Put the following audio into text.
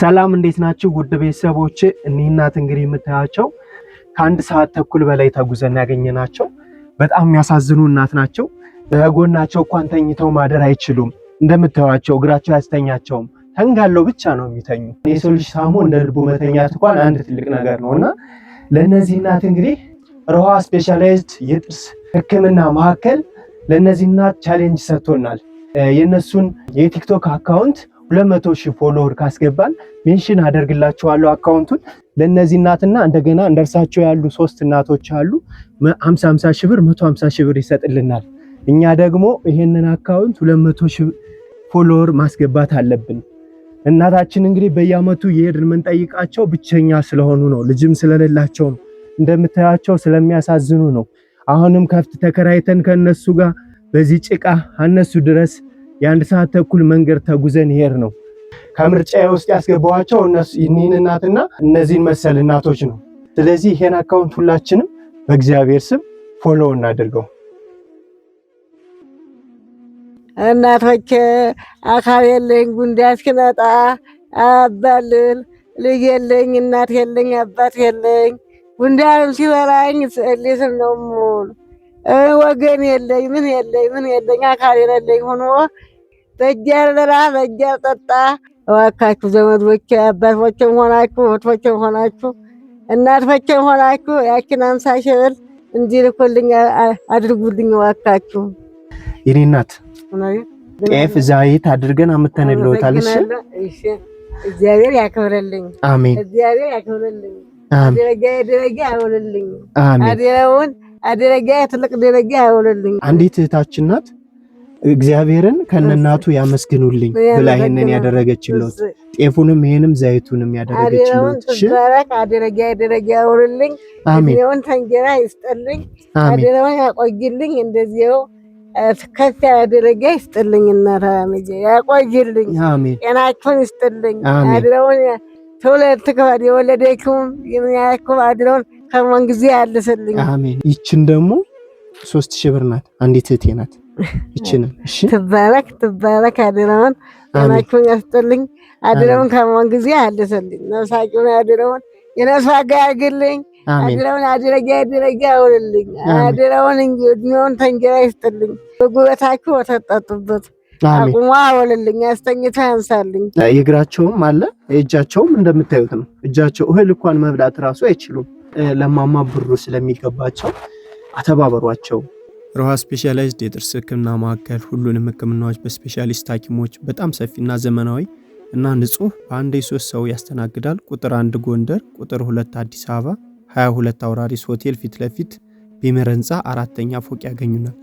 ሰላም እንዴት ናችሁ? ውድ ቤተሰቦች እኒህ እናት እንግዲህ የምታያቸው ከአንድ ሰዓት ተኩል በላይ ተጉዘን ያገኘናቸው በጣም የሚያሳዝኑ እናት ናቸው። በጎናቸው እንኳን ተኝተው ማደር አይችሉም። እንደምታዩቸው እግራቸው አያስተኛቸውም። ተንጋለው ብቻ ነው የሚተኙ። የሰው ልጅ ሳሞ እንደ ልቡ መተኛት እንኳን አንድ ትልቅ ነገር ነው እና ለእነዚህ እናት እንግዲህ ረሃ ስፔሻላይዝድ የጥርስ ሕክምና ማዕከል ለእነዚህ እናት ቻሌንጅ ሰጥቶናል። የእነሱን የቲክቶክ አካውንት 200 ሺህ ፎሎወር ካስገባን ሜንሽን አደርግላችኋለሁ አካውንቱን። ለእነዚህ እናትና እንደገና እንደርሳቸው ያሉ ሶስት እናቶች አሉ። 50 50 ሺህ ብር 150 ሺህ ብር ይሰጥልናል። እኛ ደግሞ ይሄንን አካውንት 200 ሺህ ፎሎወር ማስገባት አለብን። እናታችን እንግዲህ በየአመቱ የሄድን የምንጠይቃቸው ብቸኛ ስለሆኑ ነው፣ ልጅም ስለሌላቸው ነው፣ እንደምታያቸው ስለሚያሳዝኑ ነው። አሁንም ከፍት ተከራይተን ከነሱ ጋር በዚህ ጭቃ አነሱ ድረስ የአንድ ሰዓት ተኩል መንገድ ተጉዘን ሄር ነው። ከምርጫ ውስጥ ያስገባኋቸው እኒህን እናትና እነዚህን መሰል እናቶች ነው። ስለዚህ ይሄን አካውንት ሁላችንም በእግዚአብሔር ስም ፎሎ እናደርገው። እናቶቼ አካል የለኝ ጉንዳ እስኪመጣ አባልል ልጅ የለኝ እናት የለኝ አባት የለኝ ጉንዳንም ሲበላኝ ስዕሊስም ነው ሙሉ ወገን የለኝ ምን የለኝ ምን የለኝ አካል የሌለኝ ሆኖ በእጄ አልበላ በእጄ አልጠጣ። እባካችሁ ዘመዶቼ አባቶቼም ሆናችሁ እህቶቼም ሆናችሁ እናቶቼም ሆናችሁ ያችን አምሳ ሺህ ብር እንዲልኩልኝ አድርጉልኝ እባካችሁ። የኔ እናት ጤፍ ዛይት አድርገን አምተንልዎታል። እሺ እግዚአብሔር ያክብርልኝ። አሜን። እግዚአብሔር ያክብርልኝ። ደረጃ ደረጃ ያውልልኝ። አሜን። አዲራውን አደረጋ ትልቅ ደረጃ ያወለልኝ አንዲት እህታችን ናት። እግዚአብሔርን ከነናቱ ያመስግኑልኝ ብላ ይሄንን ያደረገችልዎት ጤፉንም ይሄንም ዘይቱንም ያደረገችልዎት። እሺ ባረክ አደረጋ ያደረጋ ያወለልኝ። አሜን። ተንጀራ ይስጠልኝ። አደረጋ ያቆይልኝ። እንደዚያው ከፍ ያደረጋ ይስጥልኝ። እናታ ያቆይልኝ። አሜን። ጤናችሁን ይስጥልኝ። አድረውን ተውለት ከፋድ የወለደችውም የሚያክብ አድረውን ከማን ጊዜ ያለሰልኝ። አሜን። ይችን ደግሞ ሶስት ሺህ ብር ናት። አንዲት እህቴ ናት። ይችንም እሺ፣ ትባረክ ትባረክ። አደራውን አማቹን ያስጥልኝ። አደራውን ከማን ጊዜ ያለሰልኝ። ነፍሳችሁን አደራውን የነፍስ ዋጋ ያርግልኝ። አደራውን አድረጊያ አድረጊያ ያውልልኝ። አደራውን እድሜውን ተንጀራ ይስጥልኝ። በጉበታችሁ ወተት ጠጡበት። አቁሟ አወልልኝ አስተኝታ ያንሳልኝ። የእግራቸውም አለ የእጃቸውም እንደምታዩት ነው። እጃቸው እህል እንኳን መብላት ራሱ አይችሉም። ለማማ ብሩ ስለሚገባቸው አተባበሯቸው። ሮሃ ስፔሻላይዝድ የጥርስ ህክምና ማዕከል ሁሉንም ህክምናዎች በስፔሻሊስት ሐኪሞች በጣም ሰፊና ዘመናዊ እና ንጹህ በአንዴ ሶስት ሰው ያስተናግዳል። ቁጥር አንድ ጎንደር፣ ቁጥር ሁለት አዲስ አበባ 22 አውራሪስ ሆቴል ፊት ለፊት ቢምር ህንፃ አራተኛ ፎቅ ያገኙናል።